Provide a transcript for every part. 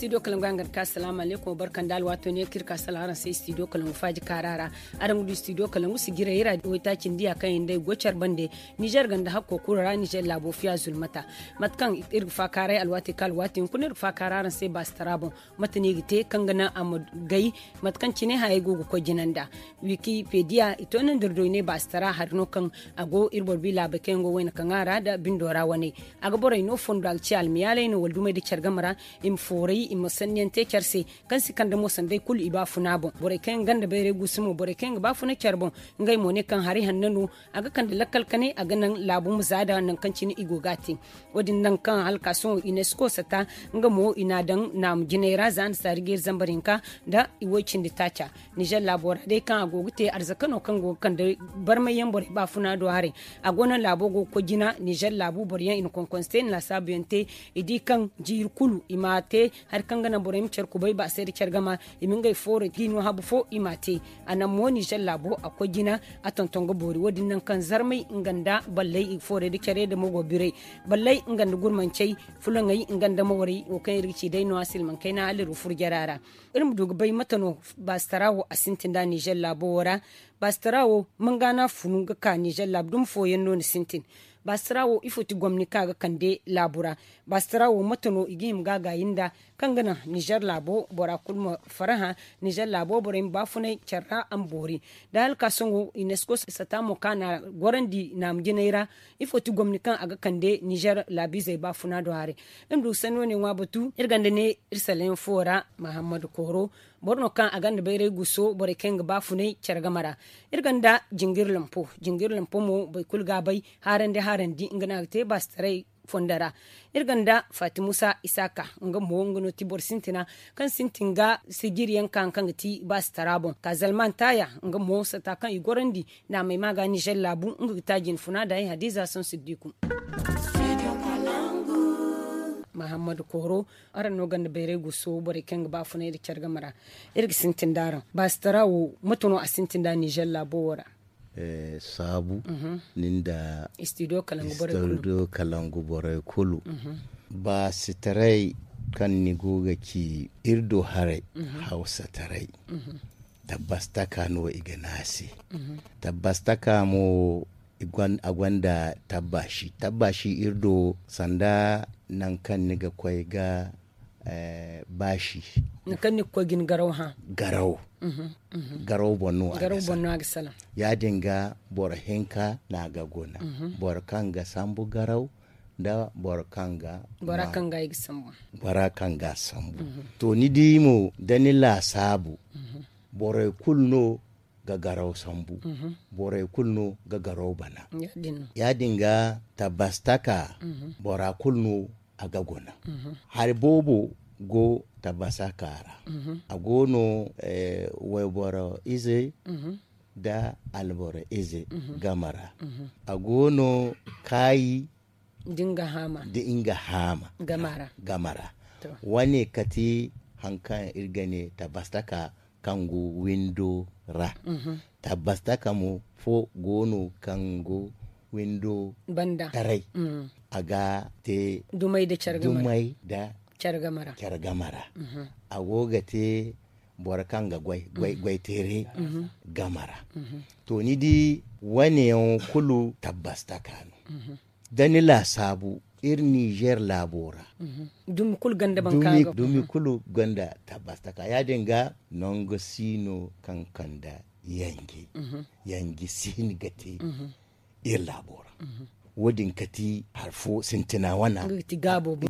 studio kalam gangar ka salamu alaikum barkan dal wato ne kirka salaran sai studio kalangu faji karara adam du studio kalangu su gira yira da wata dia kan inda gochar bande niger ganda hakko rani niger labo fiya zulmata matkan irfa karai alwati kal watin kun irfa kararan sai bastarabo matani gite kan gana amad gai matkan cine haye gogo ko jinanda wikipedia itonan dirdo ne bastara harno kan ago irbor bila bakengo wena kangara da bindora wane aga borai no fondal ci almiyale no waldume di chargamara im forai musan yan te kan si kanda musan dai kul iba funa bon bore gan ganda bai regu sumo bore ba funa bon ngai mo ne kan hari hannanu aga kanda lakkal kane aga nan labu mu zada nan kan cini igo gati wadin nan kan halka sun UNESCO sata nga mo ina dan nam ginera zan sarigir zambarinka da iwocin da tacha Niger labora dai kan agogute arzakano kan go kan da yan bore ba funa do hare agona labo go ko gina Niger labu bore yan in konkonsten la sabiente idi kan jirkulu imate har arkangana borem cer bai ba sai cer gama imin gai fore gino habu fo imate anan ni jalla bo akwa gina a atontongo bori wadin nan kan zarmai inganda ballai fore da kere da mugo bire ballai inganda gurmancai fulan ngai inganda mawari o kan irci dai no asil man kai na aliru furgerara irin dug bai matano a asintin da jalla bo wara starawo mun gana funun ga ka nijar labdum foyen no sintin basirawo ifoti gwamni kaga kande labura basirawo matano igihim gaga yinda kangana nijar labo bora kulma faraha nijar labo bora in bafunai an ambori da halka songo unesco satamo kana gorandi na mjinaira ifoti gwamni kan aga kande nijar zai bafuna da hare imdu sanone wa batu irgande ne irsalen fora muhammadu koro borno kan a bai rai guso ga bafu ne charga irgan da jingir lampo jingir lampo mo bai kulga bai harande harandi ngana te bastare fondara da fatimusa isaka nga muwongono ti bor sintina kan sintinga sigiriyan kan kan ti bas tarabon ka zalman taya nga mo sata kan igorandi na mai magani jel labu nga tajin funa da hadiza sun siddiku mahamadu koro aran no ganda bere guso bare keng ba funa ir kyarga mara irgi sintin dara ba stara wo mutuno a sintin da nijar labowara eh, sabu mm -hmm. ninda istido kalangu bore kulu kalangu bore kulu mm -hmm. ba sitarai kan ni goga ki irdo hare mm -hmm. hausa tarai mm -hmm. tabbas ta kano iganasi mm -hmm. tabbas ta kamo agwanda tabbashi tabbashi irdo sanda nan kan ni ga kwai ga eh, bashi kan ni kwa gin garau ha garau mm -hmm, garau bonu garau bonno ya dinga bor hinka na ga gona mm bor kan ga sambu garau da borkanga borakanga igi sambu borakanga sambu mhm. to ni dimo dani la sabu mhm. borai kulno ga garau sambu mm -hmm. borai kulno ga garau bana ya dinga tabastaka mm -hmm. bora kulno a gagona mm -hmm. har bobo go tabasa kara mhm. a gono eh, bora ize mhm. da albora ize mhm. gamara a gono kayi dinga hama dinga hama gamara gamara wani kati hankan irgane tabastaka kangu windo ra mm -hmm. tabbasta kamu fo gono kangu windo banda tarai mm -hmm. aga te dumai da chargamara dumai da chargamara chargamara mm -hmm. agoga te bora kanga gwai gwai mhm. gwai tere mm -hmm. gamara mm -hmm. to ni di wane kulu tabbasta kanu mhm. danila sabu ir niger labora mhm. dumi kul ganda ban kaga dumi mhm. kulu ganda tabasta ka ya dinga nongo sino kanda yangi mhm. yangi sin gati ir labora wadin kati harfo sintina wana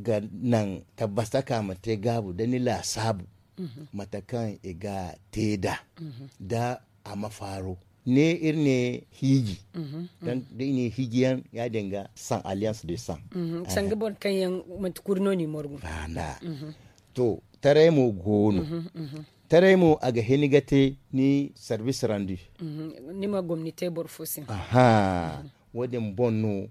ga nan tabasta ka mate gabu dani la sabu matakan iga teda da a mafaro ne irne higi mhm, mhm. dan ne higiyan ya denga san alliance de mhm, san sanga bon kan yan matkurno ni morgu banda to tare mu gono tare mo aga henigate ni service rendu ni ma gomnite bor fosin aha wadin bonno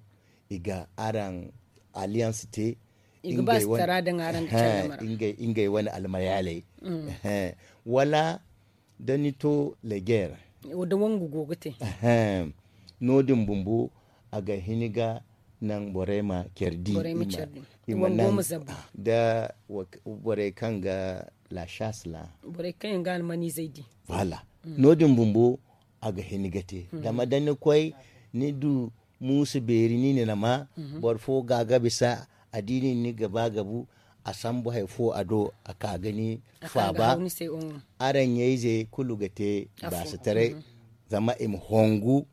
iga aran alliance te ingai wani ingai wani almayalai wala danito legere da wangu gogote nodin bumbu ga hiniga nan borema kerdi ima nan da bore ga la shasla bore kanga almani zaidi wala mm. nodin bumbu ga hiniga te hmm. da madani kwai ni du musu beri ni ne na ma hmm. bor fo gaga bisa adini ni gaba gabu a san haifo fo a ka gani fa ba aran yayi je kulugate ba su tare mhm. zama im hongu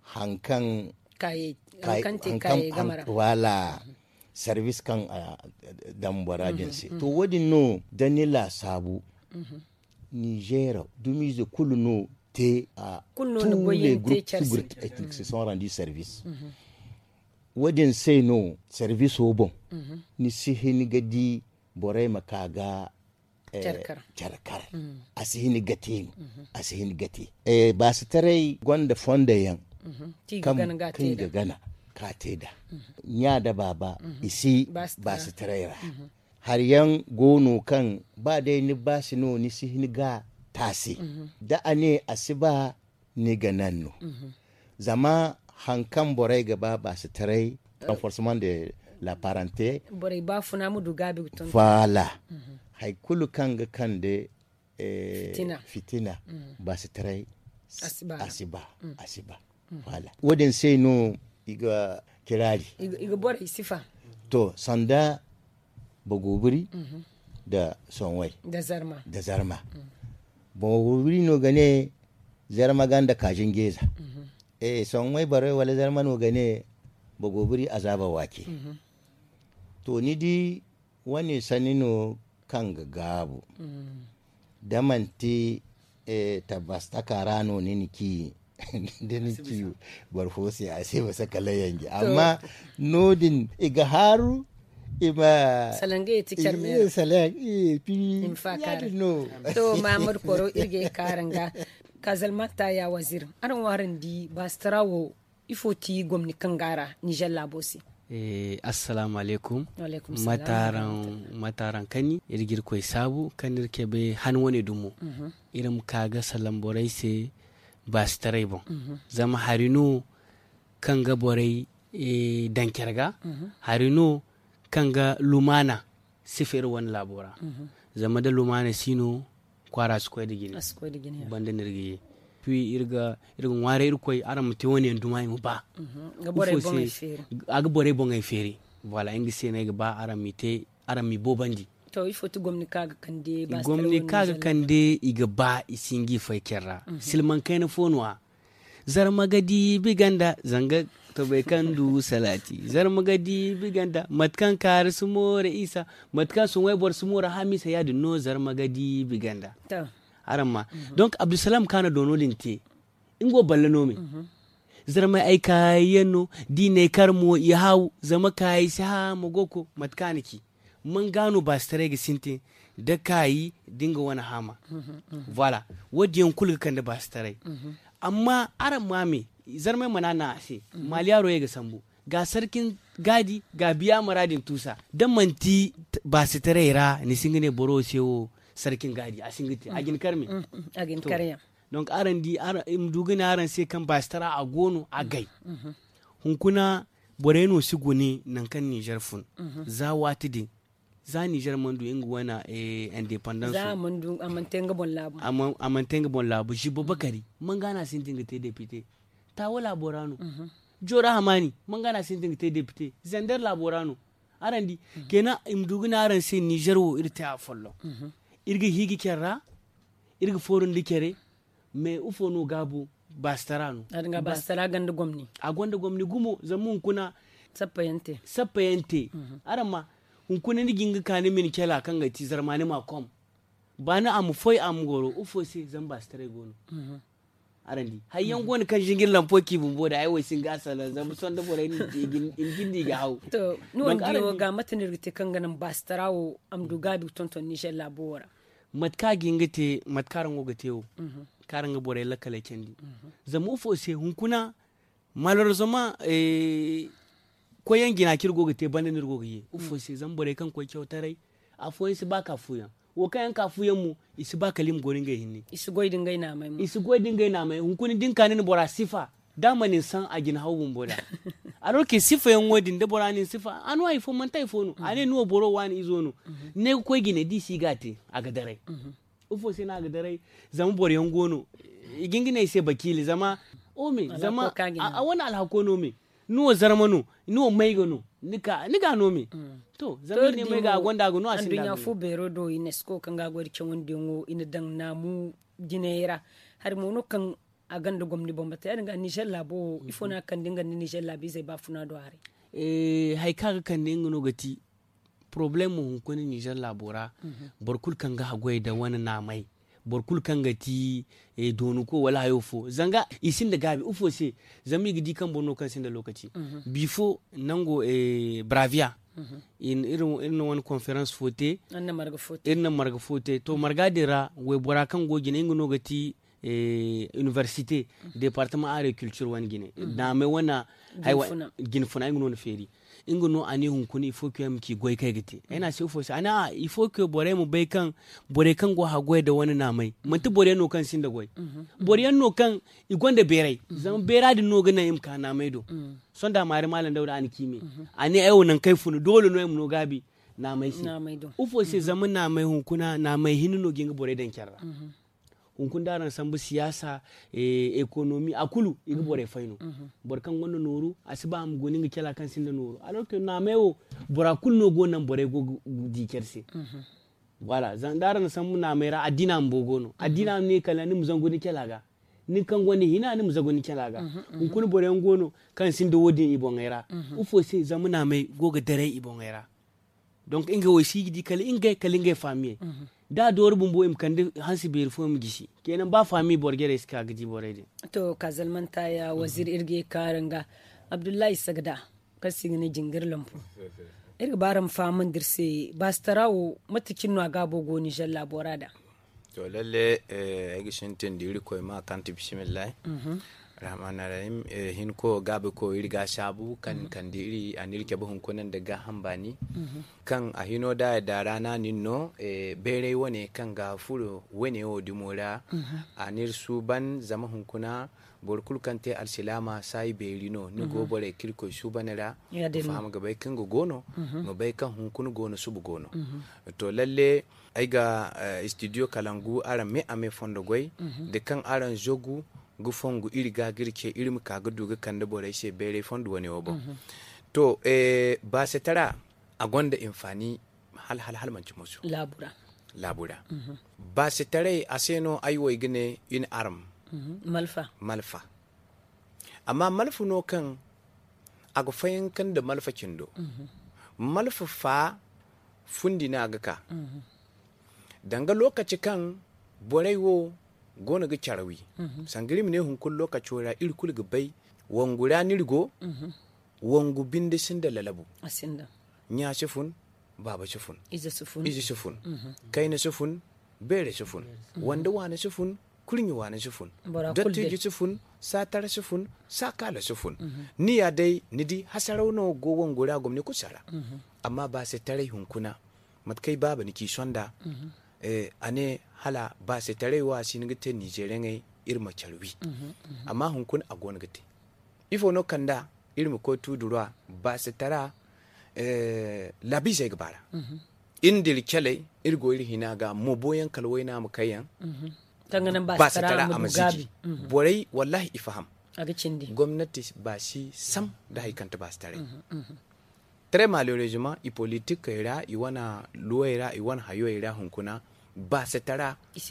hankan kaye hankan kaye gamara wala mhm. service kan a dambara mhm. jinsi to wadi no danila sabu nigeria dumi ze kulu no te a tous no boye te se sont service mm -hmm. wadin sai no service obon mm -hmm. ni sihini gadi bore makaga charkar eh, mhm. a hini gati no mhm. a hini gati eh ba su tarai gwanda fonda yan mhm. kan ga gana ka da nya da baba isi ba su tarai ra har yan gono kan ba dai ni ba su no ni hini ga tasi da ane ba ni ganan no zama hankan borai gaba ba su tarai renforcement de la parenté borai ba funa mudu gabi tun fala mhm. haikulu kan ga kan eh, fitina fitina mhm. ba asiba asiba fala woden sai no iga kirari iga borai sifa to sanda bogubiri mhm. da sonwai da zarma da zarma mm. no gane zarma ganda kajin geza eh son wai bare wale zarman gane ba goburi azaba wake mhm. to ni di wani sanino kan gagabu mhm. Daman ti eh, tabbas ta karano ni niki dinin ciwo sai a sai ba saka layangi amma nodin iga haru ima salange ya tikar eh, mera salange eh, ya fi ya no to mamur koro irge karanga kazalmata ya wazir an warin di ifo ifoti gwamni kangara nijar labosi Eh, assalamu alaikum mataran mataran kani irgir koy sabu kanir be han wani dumo mm -hmm. irim kaga borai se bastarai bon mhm. zama harino kanga borai e, eh, dankirga mm kanga lumana sifir wani labora mhm. zama da lumana sino kwara su square digini square digini banda nirgi fi irga irga ware irkoi ara mutiwoni nduma mu ba mhm. a bonga feri agbore bonga feri voilà ingi sene ga ba ara mite ara mi bo bandi to ifo tu gomni kaga kande ba gomni kaga kande iga ba isingi fai kerra mhm. silman kaina fonwa zarmagadi biganda zanga to bai kan du salati zar magadi biganda matkan kar su more isa matkan sun bor su more hamisa ya no zar magadi biganda haramma mhm. donc abdusalam kana dono linte go balle me mhm. zar mai ai kayeno dine mu ya hau zama kayi sa goko matkaniki mun gano ba strege sintin da kayi dinga wani hama mhm, voilà wadiyan kulka kan da ba su amma aran mame zarmai mana na ashe maliya roye ga sambu ga sarkin gadi ga biya muradin tusa dan manti ba su taraira ni singine boro sewo sarkin gadi a singite a karmi mm, mm, mm, a karya don aran di im dugina aran sai kan ba su tara a gono a gai hunkuna boreno sigo ne nan kan nijar fun za din za Nijar mandu ingu wana eh, independence za mandu amantenga bon labu amantenga bon labu jibo bakari mangana sintinga te depite tawo laborano mm -hmm. jora hamani mangana sintin te député zender laborano arandi mm -hmm. kena imdugna aran se niger wo irte a follo mm -hmm. irgi higi kerra irgi forun likere me ufono gabu bastarano adanga bastara gande gomni a gonde gomni gumo zamun kuna sappayante sappayante mm -hmm. arama hunkuna ni ginga kani min kela kan ga ti zarmani ma kom bana am foy am goro ufo se zan stare gono mm -hmm. arandi har gwani kan jingin lampoki bumbo da aiwa sun gasa la zama son da bore in gindi ga hau to ni won giwo ga matanir te kan Ba ganan bastarawo amdu gabi tonton ni shella bora matka gingite matkaran te wo. karan ga yi lakale kendi zama ufo sai hunkuna malar zama e, koyan gina kirgo ga te bananir go ga ye ufo sai zan bore kan ko kyautarai afoyin su baka fuyan wo kan kafu yemu isi ba kalim gorin ga hinni isi goy dingai na mai isi goy dingai na mai hun kuni din kanin bora sifa dama nin san a gin hawun bora aro ke sifa yan wodin da bora nin sifa anu ai fo man tai fo no ane nuwa boro wani izo nu mhm. ne ko gine di si gate a ga dare mhm. ufo sai na ga dare zama bor yan gono igingine sai bakili zama o me zama a wani alhakono no me nuwa zarmano nuwa maigano nika nika nomi mm. to zami ne mai ga gonda gono a sin ya fu bero do inesco kan ga gwar ke wonde ngo ina dan namu ginera har mu no kan a ganda gwamni bomba ta yadda nijar labo ifo na kan dinga ni nijar labi zai ba funa do are eh hay ka kan ne ngono gati problem mu hun kun nijar labora mm -hmm. barkul kan ga goy da wani namai borkul kangati e donu ko wala hayo fo zanga isin da gabi ufo se zami gidi kan bono kan sin da lokaci mhm. bifo nango e bravia mhm. in irin irin wani conference fote annan marga fote irin marga fote to marga dira we bora kan go gine ngono gati e université mhm. département agriculture wan gine na me wana gin funa ngono feri ingu no ani hun kuni ifo kyo mki goy kai gite ina se ufo sa ana ifo kyo bore mu bai kan bore kan go ha goi da wani namai mutu bore no kan sin da goy mhm. bore no kan da berai mhm. zan bera di no gana im ka namai do mhm. son da mari malan dauda an kime ani ai nan kai funu dole no im no gabi namai si ufo se zaman namai hun kuna namai hinno ginga bore dan kyarra da ran sambu siyasa e, economy akulu igi bore faino mhm. mhm. bor kan gonno noru asiba am goni ngi kela kan sinda noru alors que na mewo bora kul no go bore go di kersi mm -hmm. wala zan daran sambu na mera adina am bogono mhm. adina ne kala ni zango ni kela ga ni kan gonni hina ni mu zagoni kela ga un kun bore ngono kan sinda wodin ibon era ufo se na mai goga dare ibon era donc inga wasi di kala inga kala inga famie mm -hmm. da dor bumbu im kandi hansi ber fo im gisi kenan ba fami borgere iska gidi borede to kazalman ta ya wazir irge karanga abdullahi sagda kasigini jingir lampu irge baram famin dirse bastarawo matakin no gabo goni jalla borada to lalle eh gishin tindiri koy ma kan bismillah mhm. rahmanarahim rahim eh, hin ko gabi ko ga shabu kan mhm. kan diri anil ke buhun kunan daga hambani mhm. kan a hino da da rana ninno e bere wane kan ga furo wane o dimora mm su ban suban zama hunkuna burkul kan te arsilama sai berino ni mhm. go bore kirko su banira fahama ga bai kan gono mu bai kan hunkun gono bu gono to lalle ai ga eh, studio kalangu aran me ame fondo goi de kan aran jogu gu iri ga girke iri mu kaga duga kanda bore she bere fondu wani obo mm -hmm. to eh, ba se tara a gonda infani hal hal hal manci musu labura labura mm -hmm. ba se tara a seno aiwo gine in arm mm -hmm. malfa malfa amma malfu no kan a ga fayin kan da malfa kindo mhm. malfa fa fundi na ga mhm. danga lokaci kan borai wo gona ga carawi. Mhm. sangiri ne hun kullo ka chora ir kul ga bai wangura nirgo mhm. wangu binde sinda lalabu asinda nya shifun baba shifun iza shifun iza shifun mhm. kaina shifun bere shifun wanda wani shifun kurinyi wani shifun ji shifun satar shifun sakala shifun ni ya dai nidi hasarau go wangura gura gwamni kusara amma ba sai tarai hunkuna matkai baba niki shonda Eh, ane hala ba se tare wa sin gite nigerian ai irma charwi amma hun kun gona gite ifo no kanda irma ko tudurwa ba se tara eh, labi sai gbara indir kyalai irgo irhina ga moboyan kalwaina mukayan tanganan ba su tara a mazibi borai wallahi ifaham gwamnati ba shi sam da haikanta ba su tare tare jima i politika ira i wana luwa ira i wana hayo ira hunkuna ba se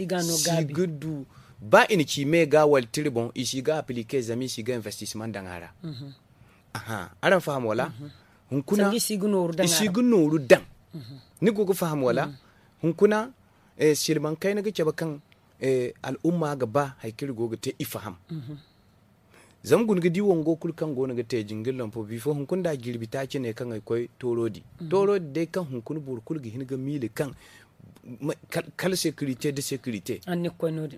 gabi sigudu ba ini me ga tribon bon ga aplike zami siga investissement dangara mm aha aran faham wala mm -hmm. hunkuna isigu noru dan mm -hmm. ni gogo faham wala hun mhm. kuna hunkuna eh, silman kai na gice bakan eh, al'umma ga ba haikir gogo te ifaham mm gun zangun gidi wango kul kan gona ga te jingil lampo bifo hunkun da girbi ta ne kan ai koi torodi mhm. torodi dai kan hunkun bur kul ga hin ga mili kan kala sécurité de sécurité anni koynode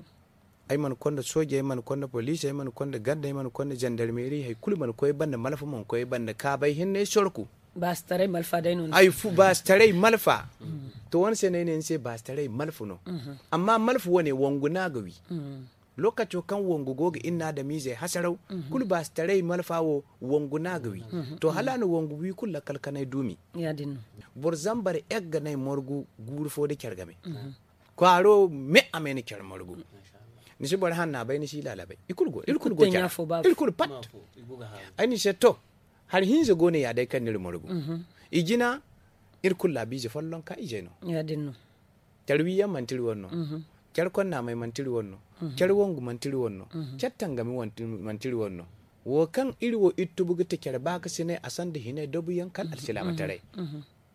ay man konda soja ay man konda police ay man konda garda ay man konda gendarmerie hay kulu man koy banda malafa man koy banda ka bay hinne sorku bastarai malfa dai non ay fu bastarai malfa to wani sai ne ne sai bastarai malfu no mhm. amma malfu wane wanguna gawi mhm. lokaci kan wangu goga inna da mize hasarau mm -hmm. kul ba tare malfawo wongu nagawi mm -hmm. to halana wangu bi kulla kalkanai dumi dinu bor zambar egga nai morgu gurfo da kergame mm -hmm. kwaro me ameni kyar morgu shi bar hanna bai nisi lalabai ikul go ikul go kya ikul pat ani sheto har hinze gone ya dai kan ni morgu mhm. igina irkul labi je fallon ka ijeno yadin dinu tarwiyan mantir wannan mhm. kyarkon na mai mantiri mhm. kyarwon gu mantiri cattan mhm. gami mantiri wannan wo kan irwo bugu ta kyar a sine asande hine dobu yankan mhm. alsilama tare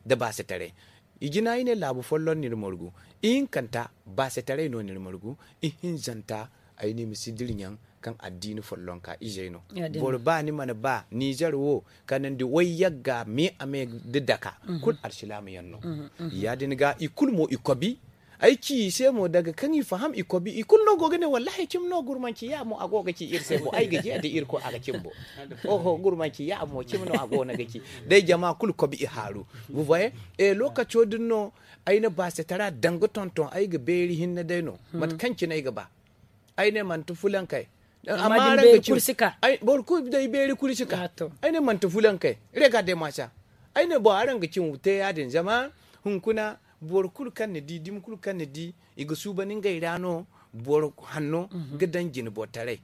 da ba tare igina ine labu follon nirmorgu in kanta ba tare no nirmorgu in zanta aini misidirinyan kan addini follon ka ijeino bor ba ni mana ba nijar wo kanan di wai yagga me ame didaka kul arsilama yanno yadin ga ikul mo ikobi aiki sai mu daga kani faham iko bi ikun no goga ne wallahi kim no gurmanki ya mu ago ir sai bo ai gaji da irko aga kim bo oho gurmanki ya mu kim no ago na gaki dai jama kul ko bi haru bu voyez e eh, lokacho din no ai na ba tara danga tonton ai ga beri hin na dai no hmm. mat kanki na ga ba ai ne man tufulan kai eh, amma ran ga kursika ai bor ku dai beri kursika ai ne man tufulan kai rega de macha ai ne bo aran ga kin wute yadin jama hunkuna bor kul kan ne di dim kul kan ne di iga suba ninga irano bor hanno mhm. gadan jin botare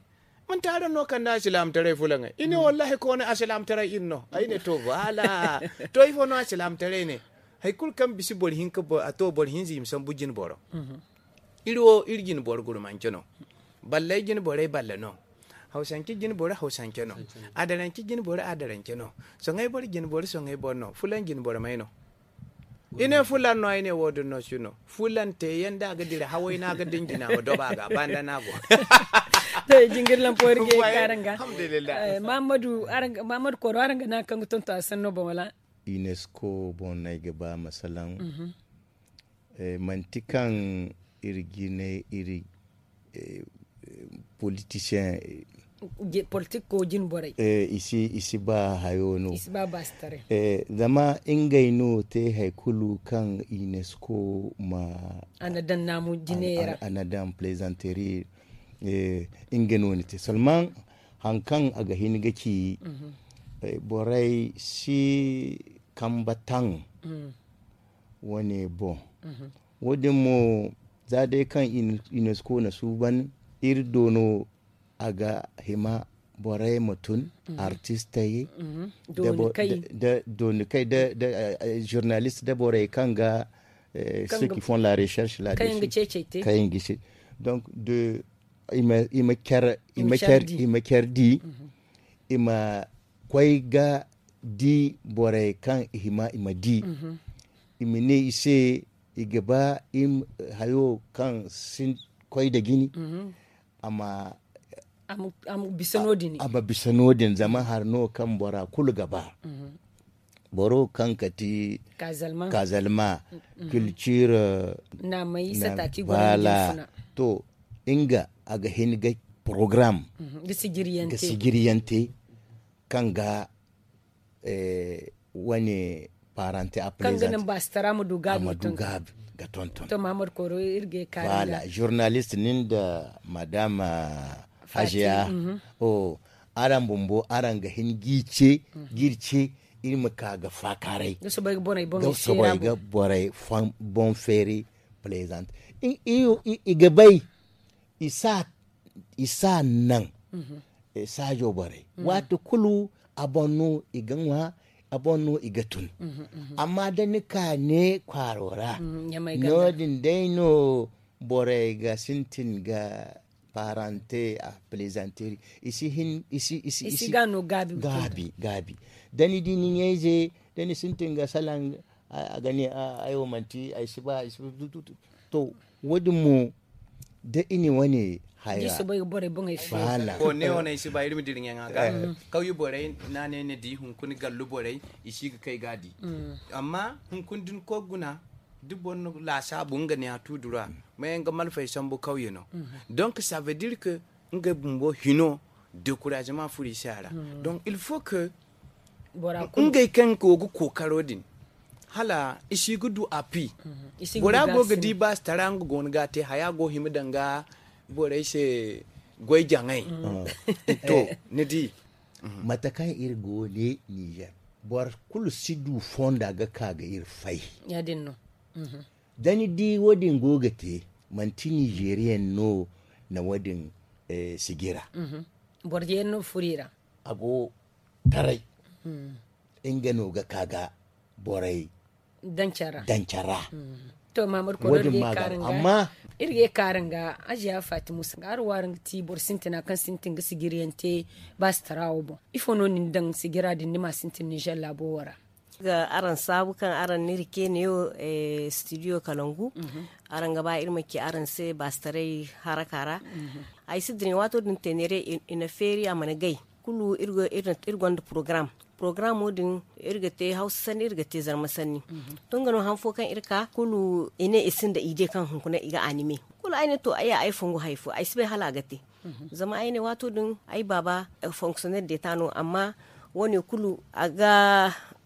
man tare no kan da silam tare fulanga ini mhm. wallahi ko ne asilam tare inno aine to wala to ifo no asilam tare ne hay kul kan bisi bor hin ka ato bor hin zim san bujin boro mhm. iro irgin bor guru manchono balle jin bore balle no hausanki jin bore hausanke no adaranki jin bore adaranke no ngai bor jin bore ngai bor no fulan jin bore mai no ine fulan no ine wodu no suno fulan te yanda ga dire hawai na ga dingina ma doba ga banda na go jingir lan poer porge karanga alhamdulillah eh, mamadu aranga mamadu koro aranga na kangu ta sanno ba wala unesco bon nay ga ba masalan mhm. e, eh, mantikan irgine iri eh, politicien politique ko jin boray e isi isi ba hayono isi ba bastare e dama ingayno te hay kulu kan unesco ma anadan namu jinera an, an, anadan plaisanterie e ingenoni te seulement hankan aga hini gaki mm -hmm. e, boray si kamba tan mm. woni bon mm -hmm. wodi mo zade kan unesco na suban irdono aga hima borai mutum mm-hmm. artiste yi mm-hmm. donikai da eh, journalist da borai kan eh, Kanga ceux qui font la recherche là-dessus kayan gishi donc de me kyar ima kyar di ima kwai ga di mm-hmm. borai kan hima ima di ima ne il igaba im hayo kan sin kwai de gini ama amu bisanodin aba bisanodin zama n'o kan bora kul gaba mhm. boro kan kati kazalma kilcira mhm. na mai sataki gwala to inga aga hinga program mhm. ga sigiriyante ga sigiriyante kan ga eh, wani a present kan ba stara mu duga ga tonton to mamar koro irge la. journalist nin da madama hajiya mm-hmm. o oh, aran bumbu aran ga gice mm-hmm. girce irma muka ga fakarai ga bai ga borai bon fere pleasant in iyo igabai isa isa nan isa mm-hmm. e jo borai wato kulu abonu iganwa abonu igatun amma da nika ne kwarora dai no borai ga sintin ga parenté à plaisanterie ici hin ici ici ici gano gabi gabi gabi dani ni nyeje dani sintinga salan a gani ayo manti a shi ba shi to wadin mu de, ini wani, haya jisu bai bore bun ai fala ko ne wane isi ba irin dirin yan haka kauyi eh. bore na ne ne di hun kun gallu bore ishi ga kai gadi mm. amma hun kun ko guna duk wani lasa bunga ne atudura mais nga mal fay sambo kauye no donc ka veut dire que nga bumbo hino découragement furi sara donc il faut que nga kan ko kokaro din hala ishi gudu fi mhm. gura go di ba starang go nga te haya go himdanga bora ishe gwai jangai mm. to eh. ne di mm-hmm. matakan irgo ne niger bor kulu sidu fonda ga kaga ir fai ya dinno dani di wadin goga te manti nigeria no na wadin eh, sigira mm -hmm. borje no furira ago tarai mm. inga no ga kaga borai dancara dancara mm. Mm-hmm. to mamar ko wadin maga amma irge karanga ajiya fatimu sun garu warin ti bor sintina kan sintin ga sigiriyan te ba su tarawo bo ifo nin dan sigira din ni ma sintin nijar labowara ga aran sabukan aran nirke ne eh, studio kalangu mhm. aran gaba irma ke aran sai bastarai harakara a -hmm. ai wato din tenere in, ina feri a gai kulu irgon da program program din irga te hausa sani irga te zarma sani mhm. tun gano hanfo kan irka kulu ina isin da ide kan hunkuna iga anime kulu aini to aya ai fungu haifu ai sibai hala gate mhm. zama aini wato din ai baba uh, eh, functionnaire de tano amma wani kulu a ga.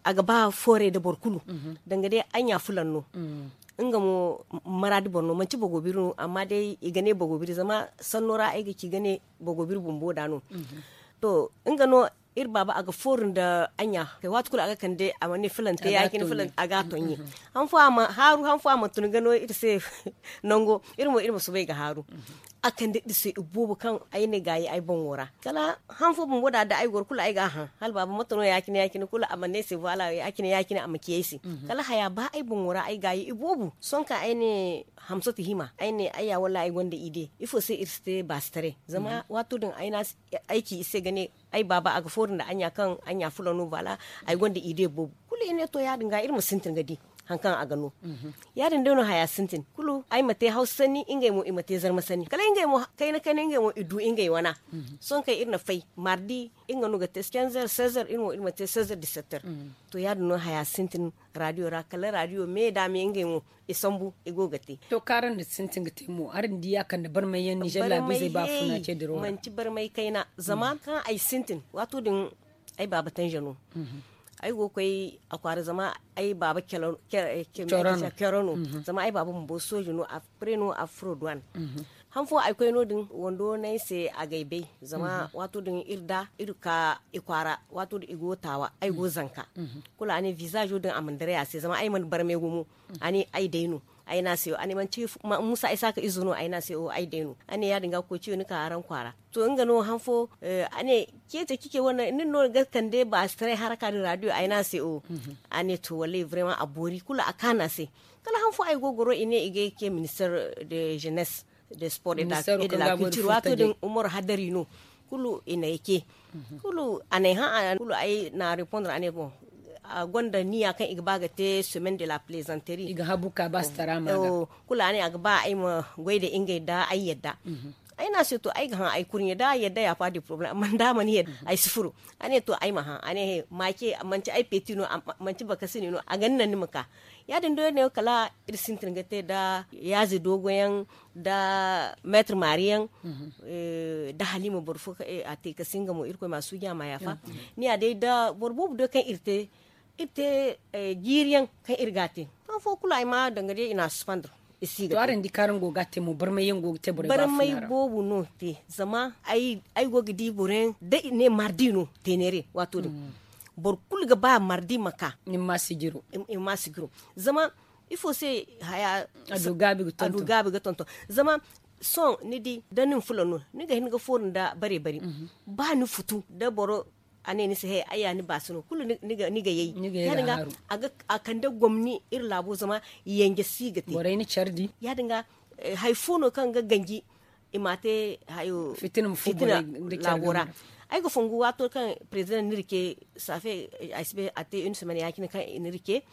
aga ba fore da borkulu mhm. dangade anya fulanno mm. inga mo maradi borno manci bogobiru amma dai gane bagobiru zama sannora aiga ki gane bagobiru bumbo dano mhm. to inga no ir baba aga forin da anya kai wat kula aga kande wani filan te yakin filan aga tonye mhm. An fo ama haru han fo ama tun gano ir se nongo ir mo ir mo subai ga haru akan da disu ibubu kan ayne gayi ay wura kala han fo bon boda da ay gor kula ay ga han hal baba kini yakini yakini kula ne se wala yakini yakini amakiyesi mhm. kala haya ba ay bonwora ay gayi ibubu ka ayne hamsatu hima ayne aya wala ai wanda ide ifo se irste bastare zama mhm. wato din ayna aiki ise gane ai baba aga forin da anya kan anya fulano bala ai gonda ide bobu kula ne to ya dinga irin sintin gadi hankan a gano mhm. yarin dono haya sintin kulu ai mate ni ingai mu imate zarma sani kala ingai mu kai na kai ingai mu idu ingai wana mhm. son kai irna fai mardi inga nuga tesken zar sezar irmo irmate sezar disatter mhm. to ya no haya sintin radio ra kala radio me da me ingai mu isambu igogate to karan da sintin gate mu arin diya kan da bar mai yan jalla bi zai ba funa ce da ruwa manci bar mai kaina zama kan ai sintin wato din ai baba tanjano ai go a kwara zama ai baba eh, kerono mhm. zama ai baba mbo soju no après no afro douane mhm. hanfo ai kai no din wondo nay se gaibe zama mhm. wato din irda iruka ikwara wato din igo tawa ai go zanka kula ani visage din amandare ase zama ai man barme gumu ani ai daino ai na se ani man ci musa isa ka izuno ai na se o ai daino ani ya dinga ko ciwo ni ka aran kwara to in gano hanfo eh, a ne ke ta kike wani nin no gaskan dai ba stray haraka da radio aina sai o mhm. a ne to wallahi vraiment bori kula a kana sai kala hanfo ay gogoro ine ige ke minister de jeunesse de sport et de la culture wato din umar hadari no kulu ina yake mhm. kulu ane ha kulu ay na répondre ane bon a gwanda ni a kan igba ga te semaine de la plaisanterie iga habuka ba oh, starama ga oh, kula ne agba ai ma gwai da inga da ai yadda mhm. ai na se to ai ga ai kurin da da ya fadi problem man da man ya mhm. ai sifuru ane to ai maha ane make manci ai petino manci baka sani no a gannan ni muka ya dindo ne kala irsin tingate da yazi dogoyan da metr mariyan mhm. eh, da halima burfu eh, a te ka singa mo irko masu ya ma yafa mhm. ni a dai da burbu do kan irte irte eh, giriyan kan irgate kan fo kula ma dangare ina suspendre isi to aran di karan goga te mu bar mai go te bure bar mai bobu no te zama ai ai go di bure de ne mardino tenere wato de mm. bor kul ga ba mardi maka ni masigiro ni masigiro zama ifo se haya adugabi ga tonto adugabi ga tonto zama son ni di danin fulano ni ga hin ga forin da bare bare mhm. ba ni futu da boro ane ni se aya ni basuno kulu ni ga yayi ya dinga aga akanda gwamni ir labo zama yenge sigati borai ni chardi ya dinga eh, haifono kan ga gangi imate hayo fitina fitina labora ai go fungu wato kan president nirke safe eh, asbe ate une semaine yakin kan nirke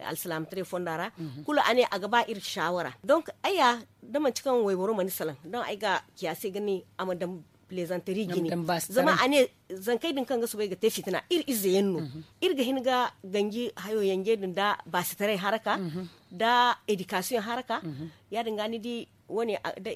eh, salam tare fondara mhm. kullu ane a gaba ir shawara donc aya da man cikan waiboro manisalan don ai ga kiyase gani amadan plaisanterie gini zama ane zankai din kanga su bai ga tafi tana ir izayen yannu mhm. ir ga hin ga gangi hayo yange din da basitarai haraka mhm. da education haraka mhm. ya dinga ni di wani da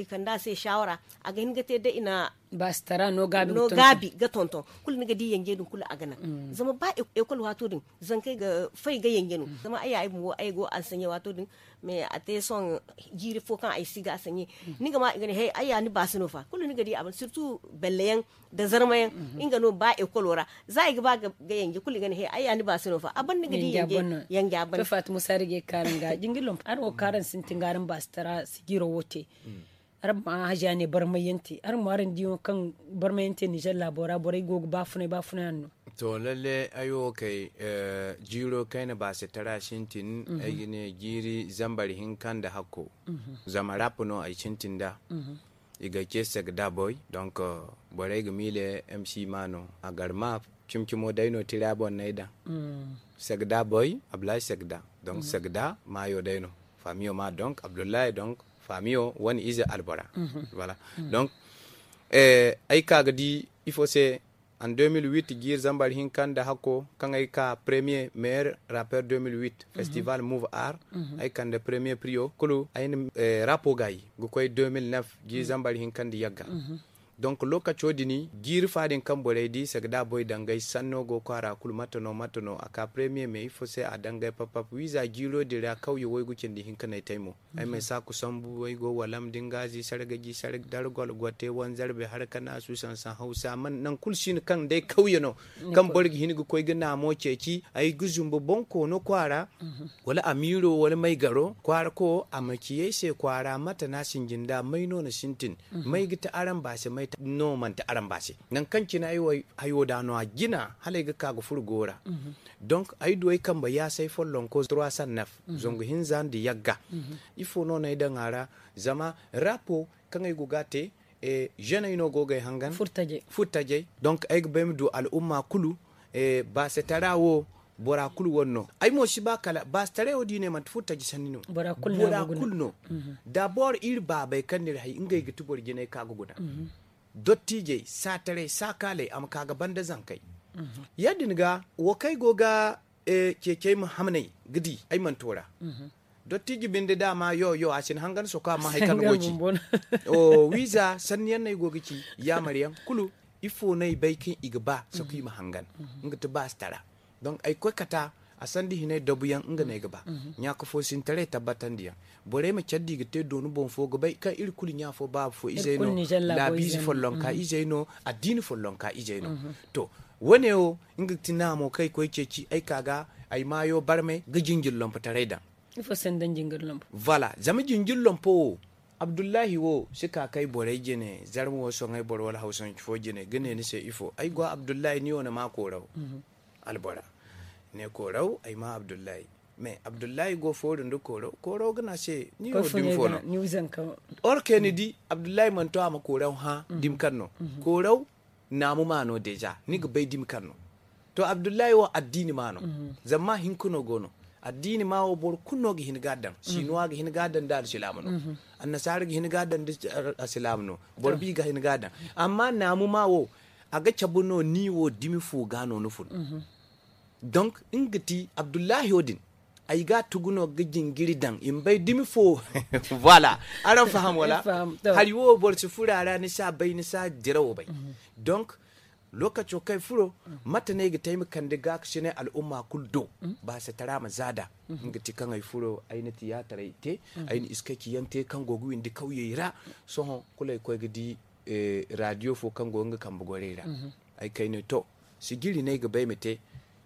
ikanda sai shawara a ga hin ga te da ina bastara no gabi no gabi ga tonton kul ni ga di yenge dun kul agana mm. zama ba e, e kul wato din zan kai ga fai ga yenge nu. Mm. zama aya ai mu ai go an sanye wato din me a te son jiri fo kan ai siga sanye mm. ni ga ma e ga hey ya ni ba sino fa kul ni ga di abin surtout bellayan da zarmayan in -hmm. inga no ba e kulora za ga ba ga yenge kul ga hey ya ni ba sino fa abin ni ga di yenge yenge abin fa fat musarige karin ga jingilon ar o karan sintingarin bastara sigiro wote ar ma jane barmayente ar ma aran diyo kan barmayente nijar labora borai gogo ba funai ba funai anno to lalle ayo kai eh, jiro kai na ba se tara shintin mhm. ne giri zambari hinkan da hako mhm. zama rapuno ai shintin da mhm. iga kesa da boy donc eh, borai ga mile mc mano a garma kimkimo daino tirabon naida mm. sagda boy ablai sagda donc sagda mayo daino famiyo ma donc abdullahi donc famiyo one ise albora mhm. voilà mhm. donc aïka eh, ay kaga di il faut c'est en 2008 guir zambal hin kanda hakko kan ay ka premier maire rappeur 2008 mhm. festival move art ay kanda premier prix o kulu ay eh, gay go koy 2009 guir zambal hin donc lokaco dini gir fadin kan borai di sagda boy dangai sanno go kwara kul matono matono aka premier mai fo sai a dangai papap wiza giro dira kauye wai gukin di hinka nai taimo mhm. ai mai sa ku san bu wai go walam dingazi sargaji sarg gol gote wan zarbe har kana su san san hausa man nan kul shin kan dai kauye no kan borgi hingu koi gina mo ceci ai guzum bu bonko no kwara mhm. wala amiro wala mai garo kwara ko amakiye se kwara mata na mhm. ginda mai nona shintin mai gita aran ba se mai ta no man ta aran base nan kanci na wa hayo da no gina halai ga kaga furgora mm -hmm. donc ay duwai kan ba ya sai follon ko 309 san naf mhm. zongu hinzan di yagga mhm. ifo no na idan ara zama rapo kan ay gugate e jena ino goga e hangan furtaje furtaje donc ay bem du al umma kulu e se tarawo bora kul wonno ay mo shi kala ba stare odi ne man futa ji sanino bora kul bora no mhm. da bor ir ba bai kanir hay ingay gitu bor gine ka guguna dottije satare sakale am kaga banda zankai mhm. yadda -hmm. yadin ga wakai goga e, keke muhammadai gidi ai mantora mhm. dottije -hmm. da binde dama yo yo cin hangar su ma haikan goci o wiza sanniyan nai gogici ya maryam kulu ifo nai baikin igba su mm ma hangan mhm. don ai kata asandi hine dabu yan inga ne mm. gaba mm-hmm. nya ko fosin tare tabbatan diya bore ma caddi ga te donu bon fo gaba ka iri kuli nya fo ba fo izeno la bizi fo lonka mm-hmm. izeno adini fo lonka izeno mm-hmm. to wane o inga mo kai ko ceci ai kaga ai mayo barme ga jingil lompa tare da ifo sandan jingil lompa vala zama jingil lompo abdullahi wo sika kai bore gine zarmu wasu ngai bor wala hausan fo gene gine ni se ifo ai go abdullahi ni wona ma korau albora ne korau aima abdullahi mais abdullahi go forin du korau korau gana ce ni o dim fono or ke ni di abdullahi man to ama korau ha dim kanno mhm. Mhm. korau na mu mano deja ni ga bai dim kanno to abdullahi wa addini mano mhm. zamma kuno gono addini ma wo bor kunno gi hin gadan shinuwa gi hin gadan da silamu no annasara gi hin gadan da silamu no bor bi ga hin gadan amma na mu ma wo aga cabuno ni wo dimi fu gano nufun donc ingati abdullahi odin ga tuguno jingiri dan in bai dimi fo voilà aran faham wala hali wo borci furara ni sha bai ni sha jirawo bai mhm. donc lokaci kai furo mhm. mata ne ga taimi kan da ga kashi ne al'umma kuldo mhm. ba sa tara ma zada ga ti kan ai furo ai ni tiyatara ite ai ni iska ki te kan gogu di kauye ira so hon kula ko ga di eh, radio fo kan gogu kan bugorera ai kai ne to sigiri ne ga bai mate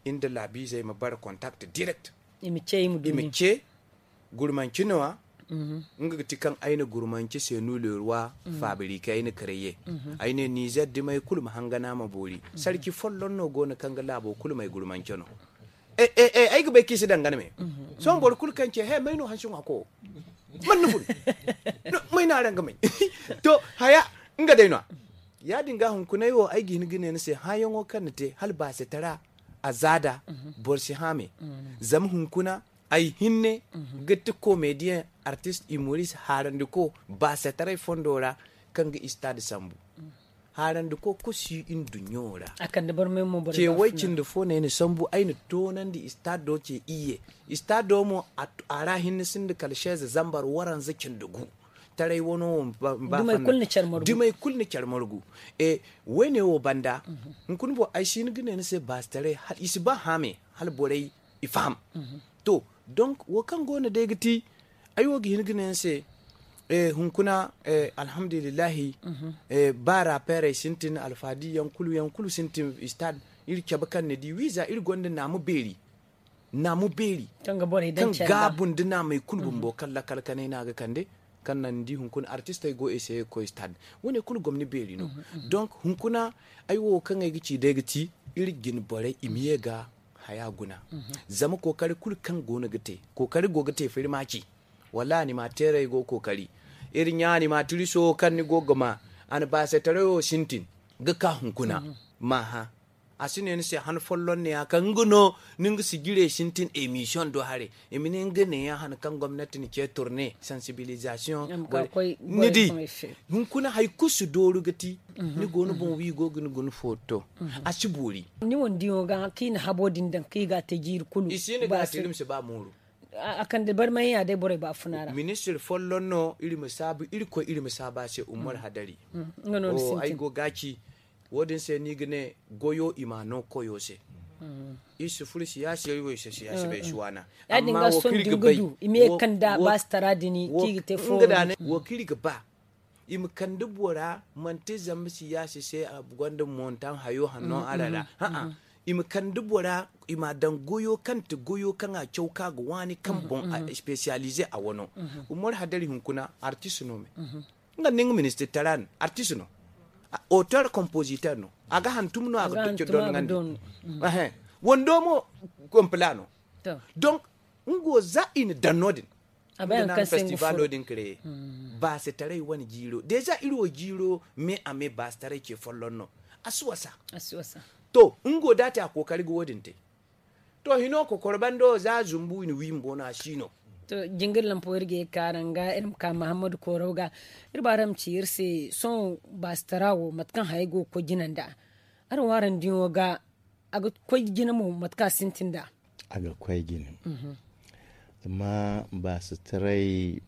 inda zai mi bar contact direct imi ce mu dumi imi ce gurmanci nawa mhm. nga ti kan aina gurmanci se nulewa mhm. fabrika aina kareye mhm. aina nijar di mai kulma hangana ma bori sarki follon no gona kanga labo kulma gurmanci no eh eh eh ai gbe kisi dangane me son bor kul kan he mai no hanshin wako man nufun mai na ranga mai to haya ga dai no ya dinga hunkunai wo ai gini gine ne sai hayan wo kan te hal ba sai tara azada mhm. borsi hame mhm. zam hunkuna ai hinne mhm. gitti comédien artiste humoriste harandi ko kan fondora kanga istade sambu harandi ko kusi indu nyora ce cin da fo ne sambu ai ni tonan di istado ce iye istado mo ara hinne sindi kalshe zambar waran zikin dugu tarai wono ba dumai kulni charmorgu dumai kulni charmorgu e wene wo banda mhm. nkun bo ai shin gine ne ba tare hal isi ba hame hal borai ifam mhm. to donc wo kan gona dai giti ai wo gine gine sai e hunkuna e alhamdulillah mhm. e bara pere sintin alfadi yankulu yankulu sintin istad ir kyabakan ne di wiza iri gonda namu beri namu beri kan gabon idan kan gabun dina mai kulbun bokalla kalkane na ga kande kan nan di hunkuna artista go ese ko stad wone kul gomni beri no mhm, mhm. donc hunkuna aiwo wo kan ai gici da gici irgin bare imiye ga haya guna mhm. zama kokari kul kan gona gate kokari go gate firmaci wala ni ma tere go kokari irin ya ni ma turiso kan ni go goma an ba se tare o shintin ga ka hunkuna maha a sin ni se han follon ne kan guno ningu sigire shintin emission do hare emine ngene ya han kan gwamnati ni ke tourne sensibilisation ni di mun kuna hay kusu do rugati mhm. ni gonu mhm. bon wi go gnu gnu foto mhm. asiburi ni wondi o ga kin din dan ki ga tajir kulu isine ga tirim se ba muru akan da bar mai ya dai bore ba funara minister follon no iri musabu iri ko iri musaba se umar hadari ngono oh, ai go gaki wodin se nigine goyo imano koyose mm. isu fulisi mm, mm. ya shi yoyo shi ya shi bai shi wana amma gaba ime kanda ba stara dini ya shi sai a gwanda montan hayo hanno arara ha'a im kandi bora ima dan goyo kanta goyo kan a chauka ga wani kan bon specialize a wano umar hadari hunkuna artisanome nga minister taran auteur compositeur no aga han no aga tucco don won do mo complano donc ngo za in aben kan festival odin kre mm. ba se tare wani jiro deja iro jiro me ame ba se tare ke follonno asuwasa asuwasa to ngo data kokari godin te to hino ko do za zumbu ni wimbo na shino to jingir lampoirge karanga irim ka mahamadu korauga irbaram irse son bastarawo matkan haigo ko jinanda ar waran dinwo ga aga ko gina mu matka sintinda aga koy gina mhm. amma ba su tarai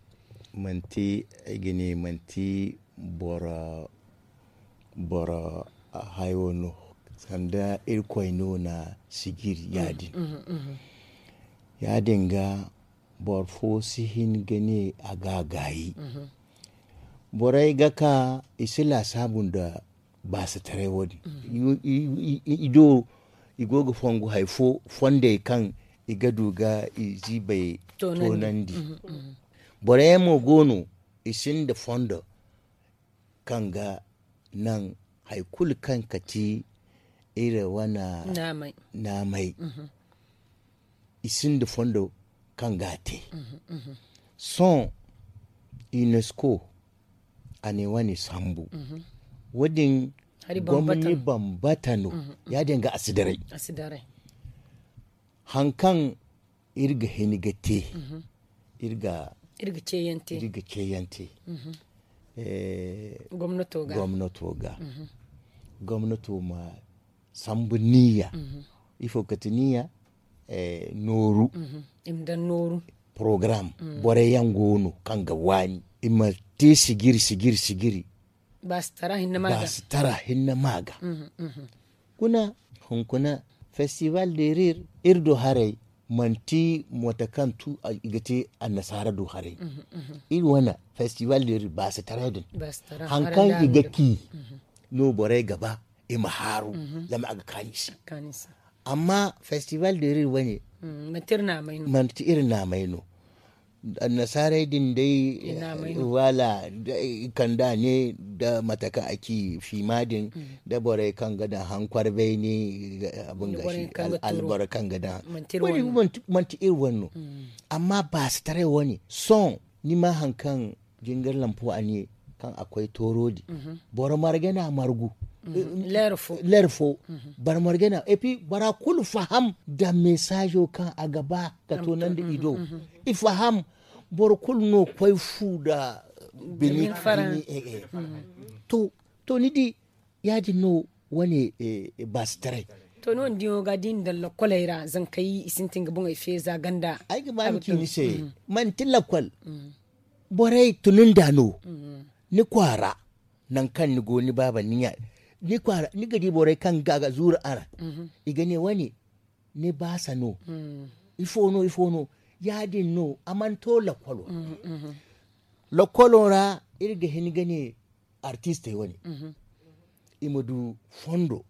manti gini manti bora bora a haiwano sanda irkwai nuna na sigir yadin mhm, mhm, yadin ga borfo sihin gane a gagayi mhm. borai gaka isila sabun da ba su tare wani mhm. ido igogo fongo haifo fonde kan igaduga izi bai tonandi mhm, borai mo gono isin da fondo kan ga nan haikul kan kati ire wana namai isin da fondo kan gate mm-hmm, mm-hmm. son unesco a ne wani sambu mm-hmm. wadin gwamnati bambatano ya dinga asidarai hankan irga henigate irga irga ceyante irga ceyante eh, gwamnatoga gwamnato ma sambu niya ifo katiniya eh, noru mm -hmm. imdan noru program mm. bore kan kanga wani ima te sigiri sigiri sigiri basitara hinna maga basitara hinna maga mm-hmm, mm-hmm. kuna hunkuna festival de rir irdo harai manti motakan tu a igate a nasara do harai mm mm-hmm, -hmm. il wana festival de rir basitara din hankan igaki mm no bore gaba ima haru lama aga kanisi amma festival de rir wani Mm, matir na maino nasarai din dai eh, wala kan da ne da mataka aki fimadin mm. da borai kan gada hankwar bai ne abin gashi albar kan gada wani manti ir wannan mm. amma ba su tare wani son ni ma hankan jingar lampo a ne kan akwai torodi mhm. boro margana margu Mhm. Eh, lerfo mhm. barmargena na epi bara kulu faham da mesajo kan a gaba ka nan da mhm, ido faham bor kul no koy fu da eh, bini eh, eh. to to ni di ya di no wani bastrai to non diyo o din da lokoleira zan kai isintin gabon ife za ganda ai ga ba ni se man tilakol borai tunin dano ni kwara nan kan ni goni baba ni ya ni kwara ni gadi bore kan gaga zura ara mhm. igane wani ni basa no mm. ifo no ifo no amanto lakwalo mm, mhm. lakwalo ra irga hin gane artiste wani mhm. imudu fondo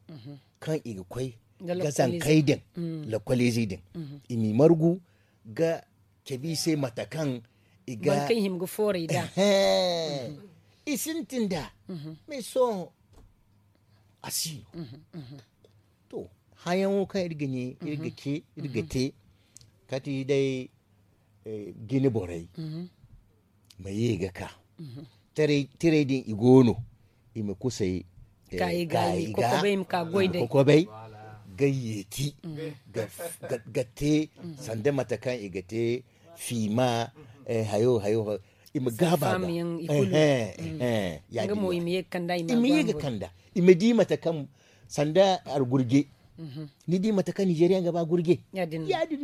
kan iga kwai ga kai din mm. lakwalezi din imi margu ga kebise matakan iga bankan himgu fore da isintinda da mai so asilu to hayan kan irgine irgike irgite kati dai gini borai mai yi ga ka tare din igono ime kusa yi ka gayi ga kokobai gayyeti gate sanda matakan igate fima hayo hayo Mm. imi gaba ba ya kanda imi ga kanda ima di mata kan sanda ar gurge mhm. ni di mata kan nigeria gaba ba gurge ya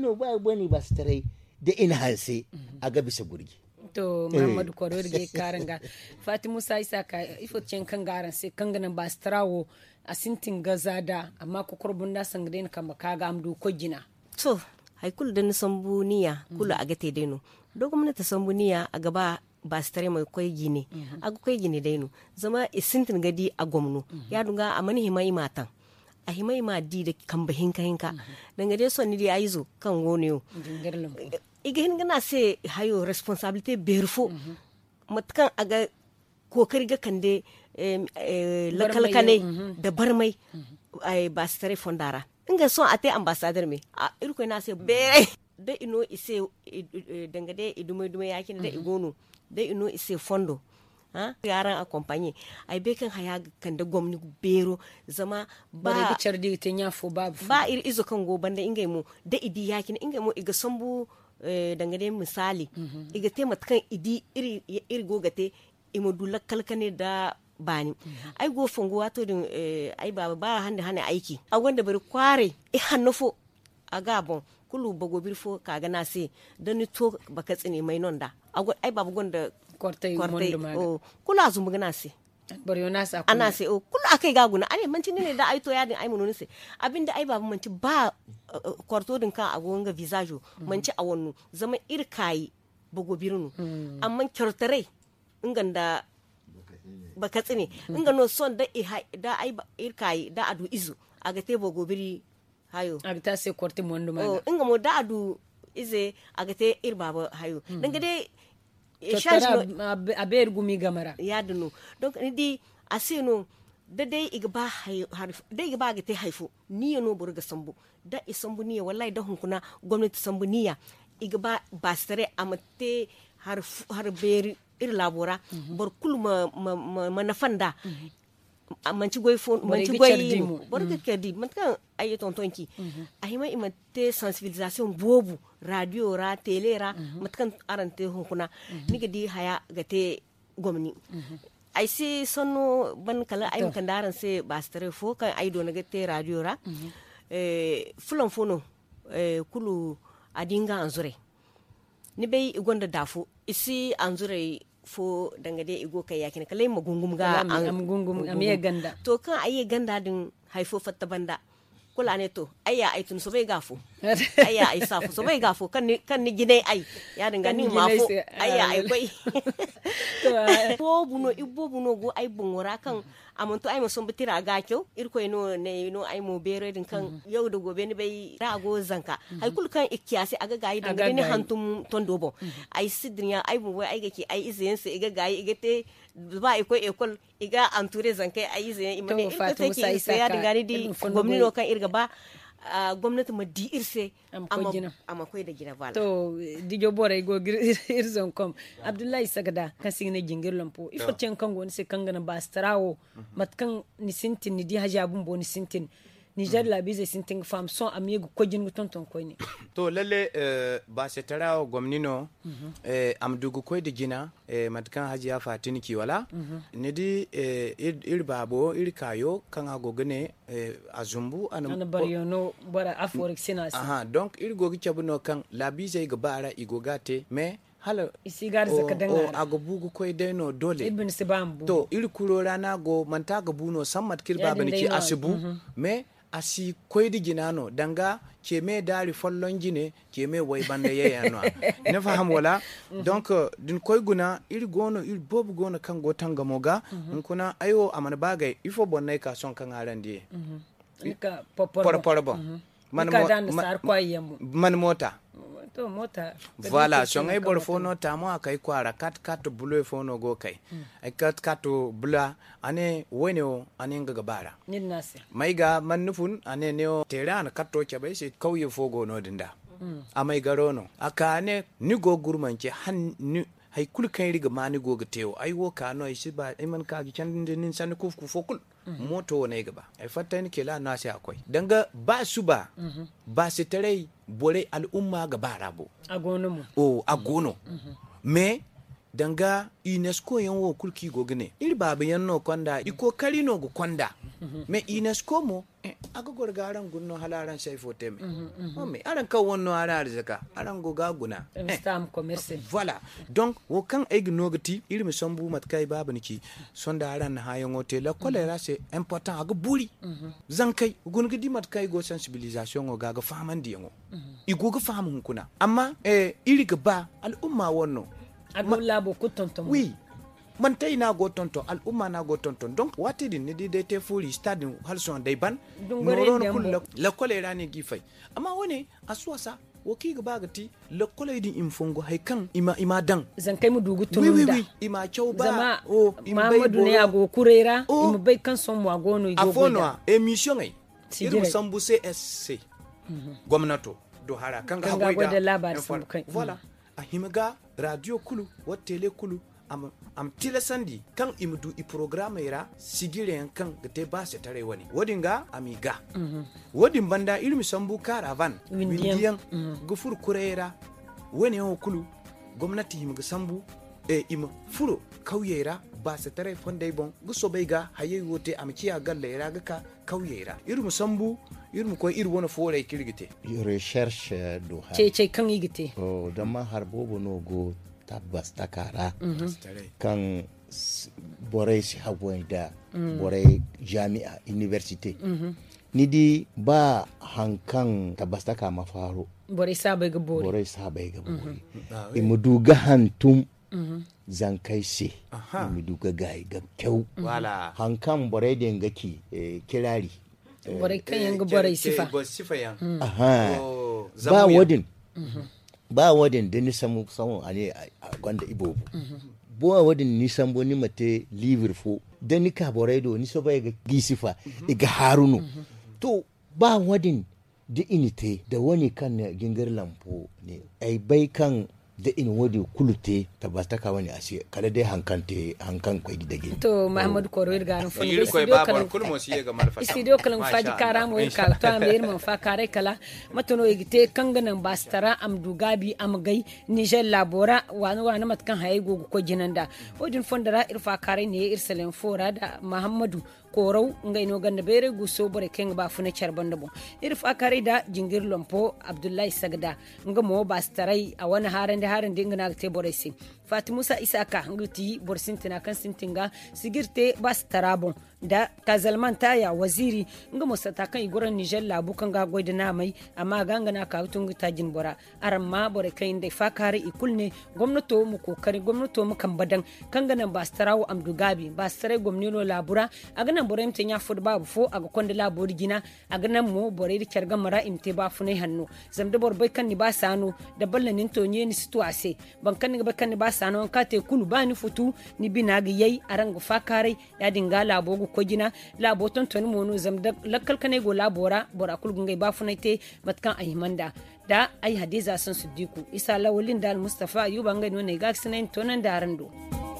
no ba bane ba su tarai da in hanse mhm. a ga bisa gurge to eh. mahamadu kwadori ge karanga fatima musa isa ka ifo cin kan garan sai kan ganin ba strawo a sintin gaza da amma ku kurbun da sangare ne ka kaga amdu ko gina to haikul da san buniya kula mhm. a dai no da gwamnati buniya a gaba ba su tare mai kwai gine mhm. a kwai gine dainu zama isintin gadi a gwamnu mhm. ya dunga a mani himai matan a himai ma di da kan bahin ka hinka mhm. dangane son ni dai zo kan goniyo igihin gana se hayo responsibility berfo matkan aga kokari ga kan dai eh, da barmai ba su tare fondara inga son a te ambassador me a irko na se bere da ino ise e, dangade idume dume yakin da mhm. igono da ino ise fondo ha yaran a kompanye ai be kan haya kan da gwamni bero zama ba gicar di tin ya fo ba ba ir izo kan go banda ingai mu da idi yakin ingai mu iga sambu e, dangade misali mhm. iga te matkan idi iri iri gogate imu dulla kalkane da bani mhm. ai go fongo wato din e, ai baba ba hande hane aiki a wanda bari kware i hannofo a gabon kulu bago birfo ka na se don ni to baka tsine mai non da ai babu gonda kortai o kula zumbu gana se bari na sa ana se o kula akai oh, gaguna ane manci ne da ai to ya din ai mununi se abinda ai babu manci ba eh, eh, kwarto din ka a gonga visajo manci a wannu zama irkayi bago birnu hmm. amma kyortare inganda baka tsine ingano son da ai irkayi da adu izu a ga tebo gobiri hayo taa se korti mondu mana oh inga mo dadu ize iri ba baba hayo mm. a change yɛrɛ gumi gamara yadunu donc ndi asino da dai iga ba da iga ba ga te haifu niya no buru ga sambu da i sambu niya walayi da hunkuna gwamnati sambu niya iga ba ba sare a har har beri iri labora mm-hmm. bar kulu ma ma, ma, ma mm-hmm. manci goy fo manci goy mu bor ke kedi man kan ayi ton tonki mm-hmm. ayi ma ima te sensibilisation bobu radio ra tele ra mm-hmm. mat kan arante hun kuna mm-hmm. ni gadi haya gate gomni ai si sonno ban kala ai kan daran se bastare fo ka ai do na te radio ra eh fulan fono eh kulu adinga anzure ni bai gonda dafu isi anzure fo dai igo kay yakin kalai magungum ga am gungum am ye ganda to kan ayi ganda din haifo fatta banda kula ne to ayya aitun so bai gafo aya ai safu so mai gafo kan ni kan ni gine ai ya dinga ni mafo ah, aya ai kai koi fo buno ibbo buno go ai bunwara kan amanto ai mun bitira ga kyau irko ino ne ino ai mo bere din kan mm-hmm. yau da gobe ni bai ra go zanka mm-hmm. ai kul kan ikiyasi aga gayi da gari ni hantum ton dobo mm-hmm. ai sidriya ai bu ai ga ki ai izen se ga gayi ga te ba ai ko ekol iga anture zankai ai izen imane ita take sai ya ni di gwamnati kan irga ba uh, gwamnati ma di irse ama koy da gina vala to dijo bora go irzon kom abdullahi sagada kan na jingir lampo ifo yeah. cen kango ni se na ba strawo mm -hmm. matkan ni sintin ni di hajabun bo ni nijar la bise sinting fam son a ko kogin wutan ton koi euh, bah, mhm. euh, euh, mhm. ne to lalle ba se tara no am dugu de matkan hajiya fatini kiwala ni di ir babo ir kayo kan ha euh azumbu. zumbu an baryono bara aha donc ir gogi cabuno kan bise zai igogate me hala isigar zaka dangara a gabu gu dole ibn sibambu to ir kuro rana go manta buno sammat kirba ki asibu mhm. me asi koydi ginano danga me dari follon gine keme way banda yeyanwa ne faham wala donc din koy guna ir gono ir bobu gono kan go tanga moga in mhm. kuna ayo amana bagay ifo bonnay ka son kan arandi mm -hmm. ka popor popor bon man mota to mota voilà songai bor fono tamo akai kwara kat kat bulu fono go kai hmm. ai kat kat bula ane wene o ane ngaga bara mai ga mannufun ane neo teran katto ke bai sai kauye fogo no dinda hmm. amai garono aka ne ni go gurmanke han hay kul kan riga mani goga teo ai wo ka no shi ba iman ka gi chandin din san ku ku fokul mhm. moto wona ga ba ai fatta ni kela na sai akwai danga ba su ba mhm. ba su tare bore al'umma ga barabo oh, a gono mu o a gono me danga unesco yan wo kulki gogne il baba yan no konda iko kari no go kwanda me unesco mo eh, aga gor garan gunno halaran sai fo teme o me aran ka wonno ara arzaka aran go ga guna eh, stam commerce voilà donc wo kan eg nogati il mi sombu mat kai baba niki sonda aran yan hotel la kolera c'est important aga buri mm -hmm. zankai gun gidi mat kai go sensibilisation o ga ga faman diyango mm -hmm. igo ga famun kuna amma eh iri ga ba umma wonno adola bo ko tonton oui man tay na go tonton al umma na go tonton donc wati din ni dai te furi stade hal son dai ban noron kullu la kole rani gifai amma woni asuwa sa ki ga bagati le lokkolay din im fongo hay kan ima ima dan zan kai mu dugu tunu oui, da oui, oui. ima chow ba zama o ima bay mamadu ne ago kurera oh. ima bai kan son wa gono i gogo da emission ai irin sambu csc mhm. gomnato do hara kan ga da labar sambu kai voilà mm. a himga radio kulu wa tele kulu am, am sandi kan imdu i programa ira yan kan te base tare wani ga amiga mm -hmm. wadin banda ilmi sambu karavan windiyan mm -hmm. gufur kurera wani kulu gwamnati himga sambu e ima furo kauyera ba se tare fonde bon guso bai ga haye wote am kiya galla ira ga ka kauyera iru musambu iru ko iru wona fore kirgite recherche do ha che che kan igite o da ma har bobo no go tabbas takara mhm. kan bore si habuwan da mhm. bore jami'a university mhm. ni di ba hankan takama faro bore sabai ga bori borai sabai ga bori imuduga hantum zan kai se mu duka gai ga kyau hankan borai den gaki eh, kirari eh, borai kan eh, yanga borai sifa hmm. aha oh, ba wadin mhm. ba wadin da ni samu samu ane a gwanda ibo mhm. bo wadin ni sambo ni mate liver fo da ni ka borai do ni so ba ga gisifa mhm. ga haruno to ba wadin da inite da wani kan gingar lampo ne ai bai kan da in wadi kulute tabata ka a ase kada dai hankante hankan kwai da gidi to mahmud korwir ga ran yir koy babar kul mo siye ga malfa studio kalam faji karam wer ka to am yir mun fa kare kala matono yigite kanganan bastara am dugabi am gai niger labora wani wani matkan haye gogo ko jinanda wajin fondara ir fa kare ne ir selen fora da muhammadu korau ngai no ganda bere gu so sobore keng ba funa charbanda bo ir fa kare da jingir lompo abdullahi sagda ngamo bastarai a wani haran hande fatimusa isaka nguti borsintina kan sintinga sigirte bas tarabon da kazalman taya waziri nga ta kan iguran nijar labu kan ga na mai amma ganga na ka hutun ta jin bora aran ma bore kai da fakari ikul ne gwamnato mu kokari gwamnato mu kan badan kan ganan ba Tarawo amdu gabi Bas stare gwamnino labura a ganan bore mtin ya fud babu fo a konda labur gina a ganan mu bore da kyar gamara imte ba funai hannu zamda bor bai kan ni ba sano da ballanin tonye ni situase ban kan ni ba kan ni ba sano te kulu ni futu ni ga yai arangu fakare ya dinga labo go kogina labo ton ton monu zam da lakkal go labora bora kulgun ba funai te matkan ahimanda da ai hadiza san su diku isa lawulin dal mustafa yuba ngai nona ga sinen tonan da arando